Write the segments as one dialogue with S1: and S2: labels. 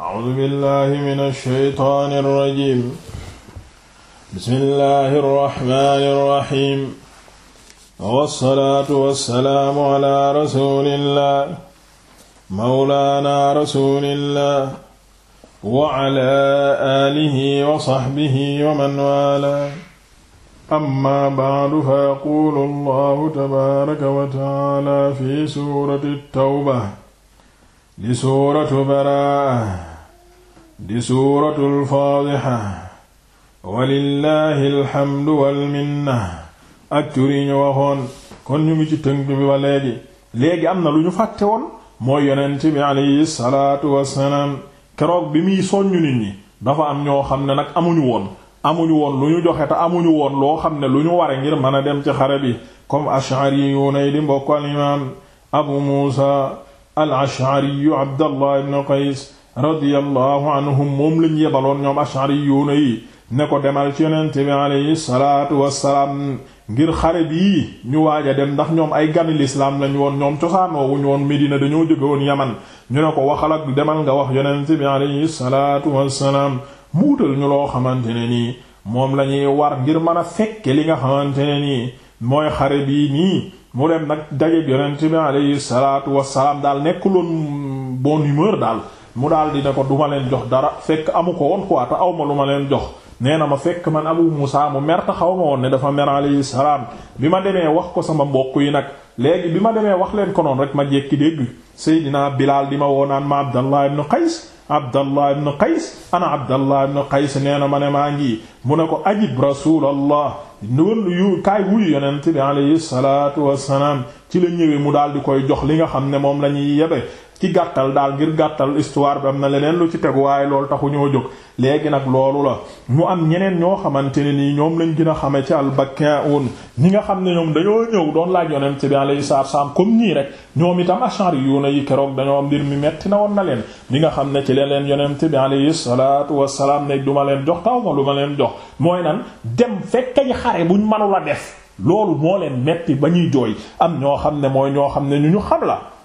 S1: أعوذ بالله من الشيطان الرجيم بسم الله الرحمن الرحيم والصلاة والسلام على رسول الله مولانا رسول الله وعلى آله وصحبه ومن والاه أما بعد فيقول الله تبارك وتعالى في سورة التوبة di suuratu baraa di suuratul faadixa walillahi alhamdu walminna ak turi ñu waxoon kon ñu ngi ci tënk bi ba léegi léegi am na lu ñu fàtte woon mooy yonent bi alayhi salaatu wassalaam keroog bi muy soññu nit ñi dafa am ñoo xam ne nag amuñu woon amuñu woon lu ñu joxe te amuñu woon loo xam ne lu ñu ware ngir mën a dem ci xare bi comme ashari yu nay di mbokk al imaam abu muusa al-Ash'ari Abdallah ibn Qays radiyallahu anhum moom lañ yebaloon ñoom Ash'ari yuuna yi ne ko demal ci yonent bi alayhi salaatu wassalaam ngir xare bii ñu waaja dem ndax ñoom ay gani lislaam lañ woon ñoom cosaanoo wuñ woon Medina dañoo jóge woon Yaman ñu ne ko waxal ak demal nga wax yonent bi alayhi salaatu wassalaam muutal ñu loo xamante ne nii moom la ñuy war ngir mën a fekke li nga xamante ne nii mooy xare bii nii mu dem nag dajeeg yonent bi alayhi salaatu wassalaam daal nekkuloon bonne humeur daal mu daal di ne ko duma leen jox dara fekk amu ko woon quoi aw ma lu ma leen jox nee na ma fekk man Abu Musa mu mer te xaw ma woon ne dafa mer alayhi salaam bi ma demee wax ko sama mbokk yi nag léegi bi ma demee wax leen ko noonu rek ma jékki dégg Seydina Bilaal di ma woo naan ma Abdallah ibn Qays abdallah ibn qays ana abdallah ibn qays nee na ma ne maa ngi mu ne ko ajib rasulallah noonu yu kaay wuyu yonent bi alayhi salaatu wassalaam ci la ñëwee mu daal di koy jox li nga xam ne moom la ñuy yebe ci gàttal daal ngir gàttal histoire bi am na leneen lu ci tegu waaye loolu taxu ñoo jóg léegi nag loolu la ñu am ñeneen ñoo xamante ne nii ñoom lañ gën a xame ci al-Bakkaa'uun ñi nga xam ne ñoom dañoo ñëw doon laaj yonent bi alayhi salaam comme nii rek ñoom itam Ash'ariyuuna yi keroog dañoo mbir mi metti na woon na leen li nga xam ne ci leen leen yonent bi alayhi salaatu wassalaam ne du ma leen jox taw ma lu ma leen jox mooy nan dem fekk ji xare buñ mënula def loolu moo leen metti ba ñuy jooy am ñoo xam ne mooy ñoo xam ne ñu ñu xam la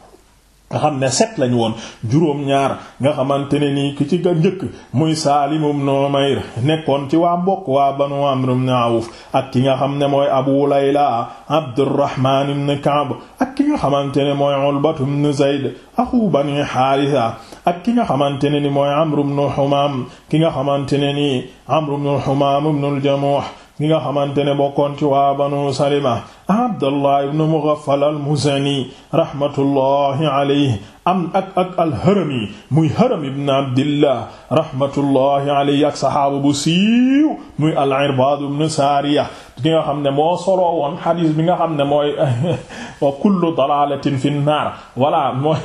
S1: nga xam ne set lañ woon juróom-ñaar nga xamante ne nii ki ci ga njëkk muy Saalim ibn Umayr nekkoon ci waa mbokk waa Banu Amr ibn Awf ak ki nga xam ne mooy Abu Layla Abdurrahman ibn Ka'b ak ki nga xamante ne mooy Ulbatu ibn Zayd ak ki nga xamante ne ni mooy Amr ibn Humam ki nga xamante ne nii Amr ibn Humam ibn al ñi nga xamante ne bokkoon ci waa banu salima abdallah ibn mughaffal al-muzani rahmatullahi alayhi am ak ak al-harami muy haram ibn abdillah rahmatullahi alayhi ak sahaaba bu siiw muy al-irbaad ibn saariya ki nga xam ne moo soloo woon xadiis bi nga xam ne mooy kullu dalalatin fi naar voilà mooy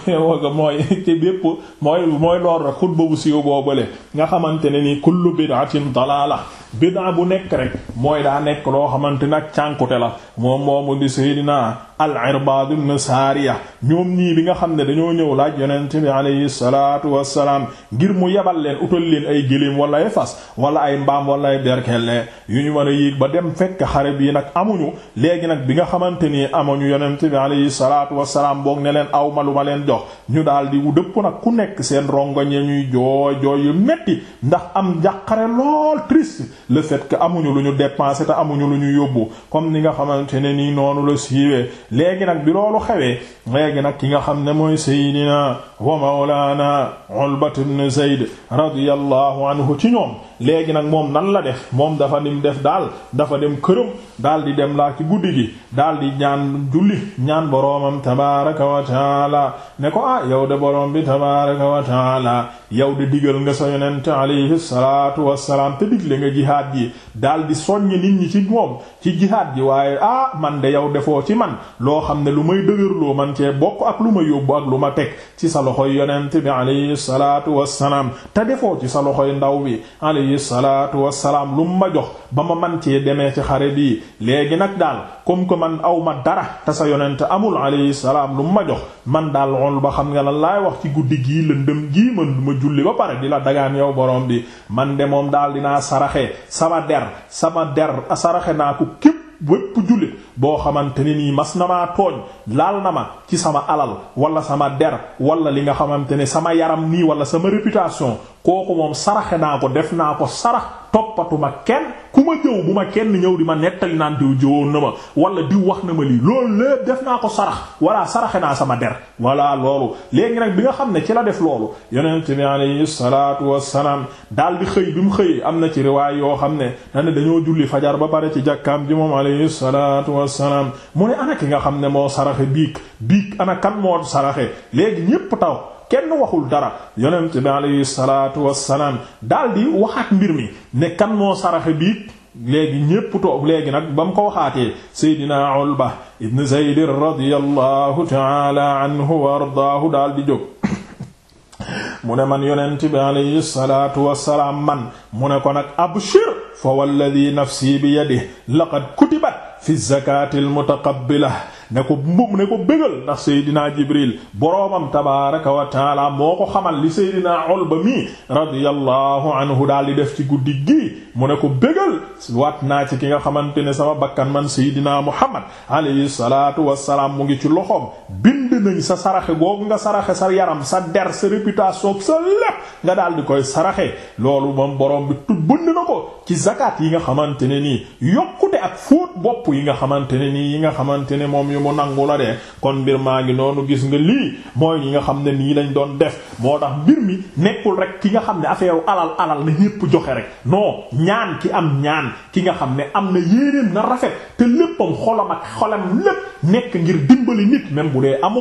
S1: mooy te bépp mooy mooy lool rek xutba bu siiw boobale nga xamante ne ni kullu bid'atin dalala bid'a bu nekk rek mooy daa nekk loo xamante nag cànkute la moom moomu di Seydina al-Irbaad ibn Saariya ñoom ñii bi nga xam ne dañoo ñëw laaj yonent bi alayhi salaatu wassalaam ngir mu yebal leen utal leen ay gëléem wala ay fas wala ay mbaam wala ay berkelle yu ñu war a yéeg ba dem fekk xare bii nag amuñu léegi nag bi nga xamante ni amuñu yonent bi alayhi salaatu wassalaam boog ne leen aw ma lu ma leen jox ñu daal di dëpp nag ku nekk seen rongoñ ya ñuy jooy jooy yu metti ndax am njàqare lool triste le fait que amuñu lu ñu dépenser te amuñu lu ñu yóbbu comme ni nga xamante ne nii noonu léegi nag bi loolu xewee léegi nag ki nga xam ne mooy Seydina wa Mawlana Ulbat ibn Zayd radiyallahu anhu ci ñoom léegi nag moom nan la def moom dafa nim def daal dafa dem këram daal di dem laa ci guddi gi daal di ñaan julli ñaan boroomam tabaaraka wa taala ne ko ah yow de boroom bi tabaaraka wa taala yow de digal nga sa yonent alayhi salaatu wassalaam te digle nga jihaad ji daal di soññ nit ñi ci moom ci jihaad ji waaye ah man de yow defoo ci man loo xam ne lu may dëgërloo man cee bokk ak lu ma yóbbu ak lu ma teg ci sa loxo yonent bi alayhi salaatu wassalaam te defoo ci sa loxoy ndaw bi alayhi salaatu wassalaam lu mu ma jox ba ma man cee demee ci xare bii léegi nag daal comme que man aw ma dara te sa yonent amul alayhi salaam lu mu ma jox man daal loolu ba xam nga lan laay wax ci guddi gii lëndëm gii man du ma julli ba pare di la dagaan yow borom bi man de moom daal dinaa saraxe sama der sama der saraxe naa ko képp bépp jullit boo xamante ne nii mas na maa tooñ laal na ma ci sama alal wala sama der wala li nga xamante ne sama yaram nii wala sama réputation kooku moom saraxe naa ko def naa ko sarax toppatuma kenn ku ma jëw bu ma kenn ñëw di ma nettali naan diw jëwoon na ma wala diw wax na ma lii loolu lépp def naa ko sarax wala saraxe naa sama der wala loolu léegi nag bi nga xam ne ci la def loolu yonent bi alayhi salaatu daal bi mu xëyee am na ci yoo xam ne dane dañoo julli fajar ba pare ci jàkkaam ji moom alayhi salaatu wassalaam mu ne ana ki nga xam ne moo saraxe biig biig ana kan moo saraxe léegi ñépp taw kenn waxul dara yonent bi alayhi salaatu daldi waxaat mbir mi ne kan moo saraxe biig léegi ñépp toog léegi nag bam ko waxaatee seydina Ulba ibn Zayd radiyallahu taala anhu wa ardaahu daldi jóg mu ne man yonent bi alayhi salaatu man mu ne ko nag abshir fa walladhi nafsi bi yadihi laqad kutibat fi zakatil mutaqabbila ne ko mbu ne ko bégal ndax Seydina Jibril boroomam tabaaraka wa taala moo ko xamal li Seydina Ulba mi radiyallahu anhu daal di def ci guddi gii mu ne ko bégal waat naa ci ki nga xamante ne sama bakkan man Seydina Muhammad alayhi salaatu wa salaam mu ngi ci loxoom bind bind nañ sa saraxe googu nga saraxe sa yaram sa der sa réputation sa lépp nga daal di koy saraxe loolu moom borom bi tubbund na ko ci zakat yi nga xamante ne nii yokkute ak fóot bopp yi nga xamante ne nii yi nga xamante ne moom yu mu nangu la de kon mbir maa ngi noonu gis nga lii mooy yi nga xam ne nii lañ doon def moo tax mbir mi nekkul rek ki nga xam ne affaire alal alal la ñépp joxe rek non ñaan ki am ñaan ki nga xam ne am na yéenéen na rafet te léppam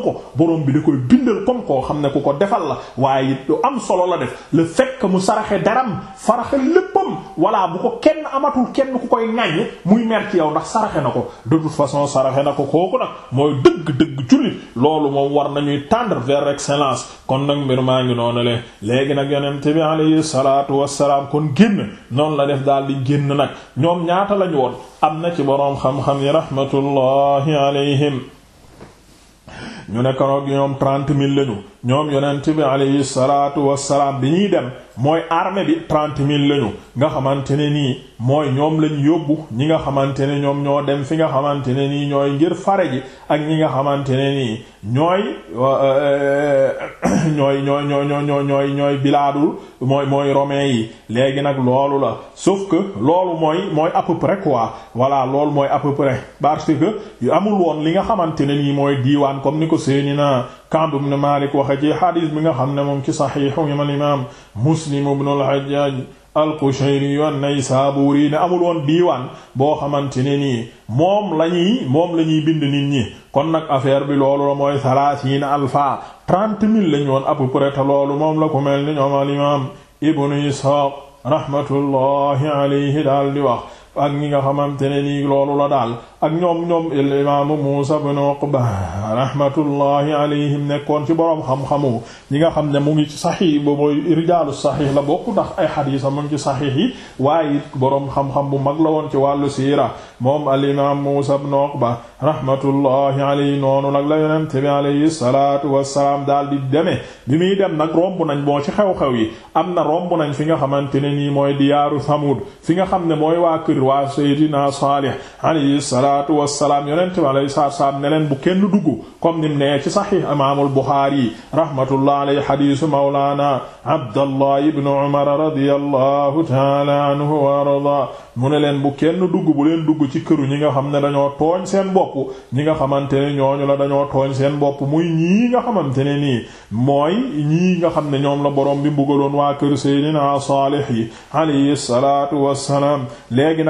S1: ko boroom bi di koy bindal comme koo xam ne ku ko defal la waaye it lu am solo la def le fait mu saraxe daram faraxe léppam walla bu ko kenn amatul kenn ku koy ŋaññi muy mer ci yow ndax saraxe na ko de toute façon saraxe na ko kooku nag mooy dëgg-dëgg jullit loolu moom war nañuy tendre vers l'excellence kon nag mbir maa ngi noonu le léegi nag yonent bi alayhi salaatu wassalaam kon génn noonu la def daal di génn nag ñoom ñaata lañu woon am na ci boroom xam-xam ñu ne keroog ñoom trente mille lañu ñoom yonent bi alayhi salaatu wassalaam bi ñuy dem mooy armée bi trente mille lañu nga xamante ne nii mooy ñoom lañ yóbbu ñi nga xamante ne ñoom ñoo dem fi nga xamante ne nii ñooy ngir fare ji ak ñi nga xamante ne nii euh, ñooy ñooy ñooy ñooy ñooy ñooy ñooy bilaadul mooy mooy romain yi léegi nag loolu la sauf que loolu mooy mooy à peu près quoi voilà loolu mooy à peu près parce que amul woon li nga xamante ne nii mooy diiwaan comme ni ko seeni naa Kaab ibn Maalik waxe ci xadis bi nga xam ne moom ci saxiixu al imaam Muslim ibn al-Hajjaaj al-Qushayri an-Naysaabuuri ne amul woon diiwaan boo xamante ne nii moom la ñuy la ñuy bind nit ñi kon nag affaire bi loolu la mooy salaasiina alfa trente mille lañu woon à peu loolu moom la ko mel ni ñoom al imaam Ibnu Isxaaq rahmatullahi alayhi daal di wax ak ñi nga xamante ne nii loolu la daal ak ñoom ñoom imaamu Muusa ibn Uqba rahmatullahi alayhim nekkoon ci boroom xam-xamu ñi nga xam ne mu ci saxiix bu mooy rijaalu saxiix la bokk ndax ay xadiisam mu ngi ci saxiix yi waaye it boroom xam bu mag la woon ci wàllu siira moom al imaam Muusa ibn Uqba rahmatullahi alayhi noonu nag la yonent bi alayhi salaatu daal di demee bi muy nag romb nañ boo ci xew-xew yi am na romb fi nga xamante ne nii mooy diyaaru Samud fi nga xam ne mooy waa kër waa Seydina Salih alayhi salaatu wassalaam yonent bi alayhi salaatu wassalaam ne leen bu kenn dugg comme ni mu nee ci Sahih Imaamul Buxaari rahmatullah alayhi hadiisu Mawlaana Abdallah ibn Umar radiyallahu ta'ala anhu wa ardaa mu ne leen bu kenn dugg bu leen dugg ci kër ñi nga xam ne dañoo tooñ seen bopp ñi nga xamante ne ñooñu la dañoo tooñ seen bopp muy ñii nga xamante ne nii mooy ñii nga xam ne ñoom la borom bi mbugaloon waa kër Seydina Salih yi alayhi salaatu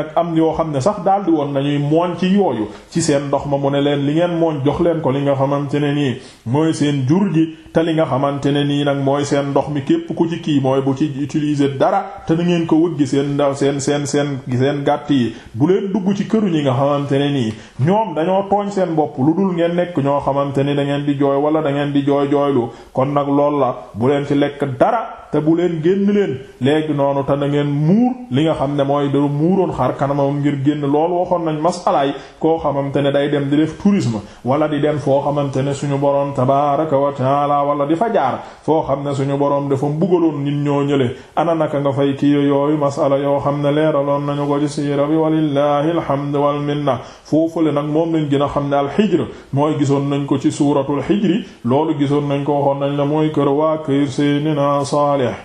S1: nag am yoo xam ne sax daldi woon nañuy mooñ ci yooyu ci seen ndox ma mu ne leen li ngeen mooñ jox leen ko li nga xamante ne nii mooy seen jur gi te li nga xamante ne nii nag mooy seen ndox mi képp ku ci kii mooy bu ci utiliser dara te na ngeen ko wëggi seen ndaw seen seen seen seen gàtt yi bu leen dugg ci këru ñi nga xamante ne nii ñoom dañoo tooñ seen bopp lu dul ngeen nekk ñoo xamante ni da ngeen di jooy wala da ngeen di jooy jooylu kon nag lool la bu leen ci lekk dara te bu génn leen léegi noonu te ngeen muur li nga xam ne mooy da muuroon xar kanamam ngir génn loolu waxoon nañ masalaay koo xamante ne day dem di def tourisme wala di dem foo xamante ne suñu boroom tabaraka wa taala wala di fa jaar foo xam ne suñu boroom dafa mbugaloon nit ñoo ñële ana naka nga fay kii yooyu masala yoo xam ne leeraloon nañu ko ci siira bi walillahi alhamdu wal minna foofule nag moom lañ gën a xam ne alxijr mooy gisoon nañ ko ci suuratul xijri loolu gisoon nañ ko waxoon nañ la mooy saalih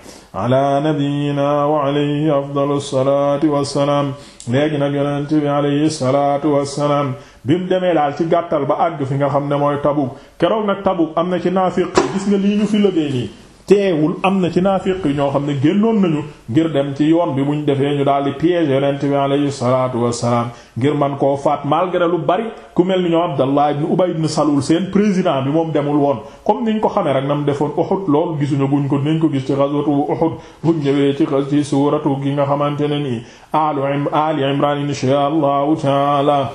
S1: ala nabiyyina wa alayhi afdalu salaatu wassalaam léegi nag yonent bi alayhi salaatu wassalaam bi mu demee daal ci gàttal ba àgg fi nga xam ne mooy Tabuk keroog nag Tabuk am na ci naafiq gis nga lii ñu fi lëgee nii teewul am na ci naafiq yi ñoo xam ne génnoon nañu ngir dem ci yoon bi buñ defee ñu daal di piéger yonent bi alayhi salaatu wassalaam ngir man koo faat malgré lu bari ku mel ni ñoom Abdallah ibn Ubay ibn Salul seen président bi moom demul woon comme niñ ko xamee rek nam defoon Uhud lool gisuñu buñ ko niñ ko gis ci ghazwatu Uhud buñ ñëwee ci ci suuratu gi nga xamante ne nii alu ali imran insha allahu taala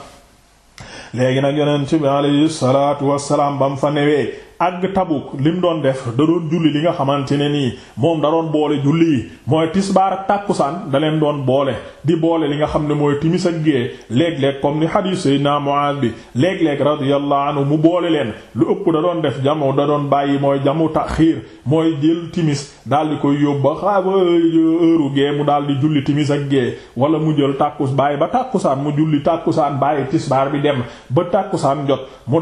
S1: léegi nag yonent bi alayhi salaatu wassalaam bam newee àgg Tabuk mu doon def da doon julli li nga xamante ne nii moom da doon boole julli yi mooy tisbaar ak tàkkusaan da leen doon boole di boole li nga xam ne mooy timis ak gée léeg-léeg comme ni hadith Seydina Muaaz bi léeg-léeg radiyallahu anhu mu boole leen lu ëpp da doon def jamoo da doon bàyyi mooy jamu taxiir mooy jël timis daal di koy yóbbu ba xaaba heure mu daal di julli timis ak gée wala mu jël tàkkus bàyyi ba tàkkusaan mu julli tàkkusaan bàyyi tisbaar bi dem ba tàkkusaan jot mu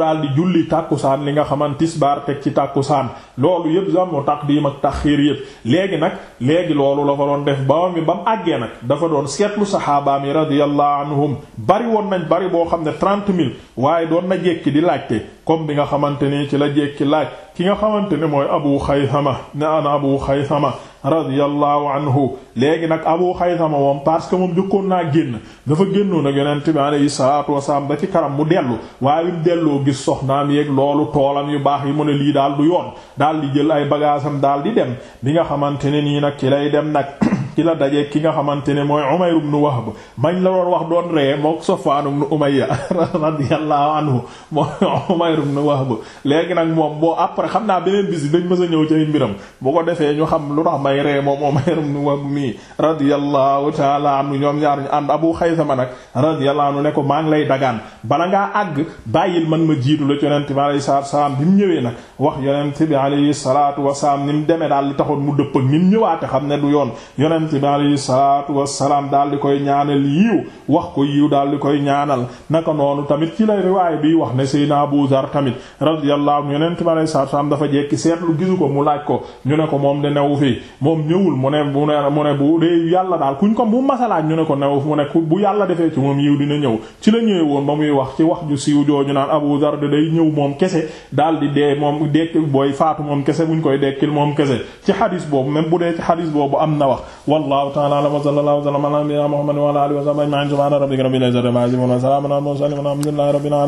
S1: fajar teg ci tàkkusaan loolu yëpp zamu taqdim ak taxiir yëpp léegi nag léegi loolu la ko doon def ba mi ba mu àggee nag dafa doon seetlu saxaabaam yi radiyallahu anhum bari woon nañ bari boo xam ne trente mille waaye doon na jekki di laajte comme bi nga xamante ni ci la jekki laaj ki nga xamante ne mooy abu xaysama ne ana abu xaysama radiyallahu anhu léegi nag abu xaysama moom parce que moom jëkkoon naa génn dafa génnoon ak yonent bi alayhi salaatu wasalaam ba ci kanam mu dellu waaye mu delloo gis soxnaam yéeg loolu toolam yu baax yi mu ne lii daal du yoon daal di jël ay bagaasam daal di dem bi nga xamante ne nii nag ci lay dem nag ci la dajee ki nga xamante ne mooy Umayr ibn Wahb mañ la doon wax doon ree mook Safwan ibn Umayya radiyallahu anhu mooy Umayr ibn Wahb léegi nag moom boo après xam naa beneen bis dañ mës a ñëw ci mbiram bu ko defee ñu xam lu tax may ree moom Umayr ibn Wahb mi radiyallahu ta'ala anhu ñoom ñaar ñu ànd Abu Xaysama nag radiyallahu anhu ne ko maa ngi lay dagaan bala ngaa àgg bàyyil man ma jiitu la ci yonent bi alayhi bi mu ñëwee nag wax yonent bi alayhi salaatu wasalaam ni mu demee daal li taxoon mu dëpp ak ni mu ñëwaate xam ne du yoon yonent bi alayhi salaatu daal di koy ñaanal yiiw wax ko yiiw daal di koy ñaanal naka noonu tamit ci lay riwaay bi wax ne Seydina Abu Zar tamit radiyallahu anhu yonent bi alayhi salaatu wassalaam dafa jekki seetlu gisu ko mu laaj ko ñu ne ko moom de newu fi moom ñëwul mu ne mu ne mu ne bu dee yàlla daal kuñ ko bu masalaaj ñu ne ko newu mu ne bu yàlla defee ci moom yiw dina ñëw ci la ñëwee woon ba muy wax ci wax ju siiw jooju naan Abu Zar de day ñëw moom kese daal di dee moom dekk booy faatu moom kese buñ koy dekkil moom kese ci xadis boobu même bu dee ci xadis boobu am na wax wallahu ta'ala a'lam wa sallallahu wa sallama ala nabiyyina muhammadin wa ala alihi wa sahbihi ajma'in subhana rabbika rabbil izzati amma yasifun wa salamun alal mursalin walhamdulillahi rabbil alamin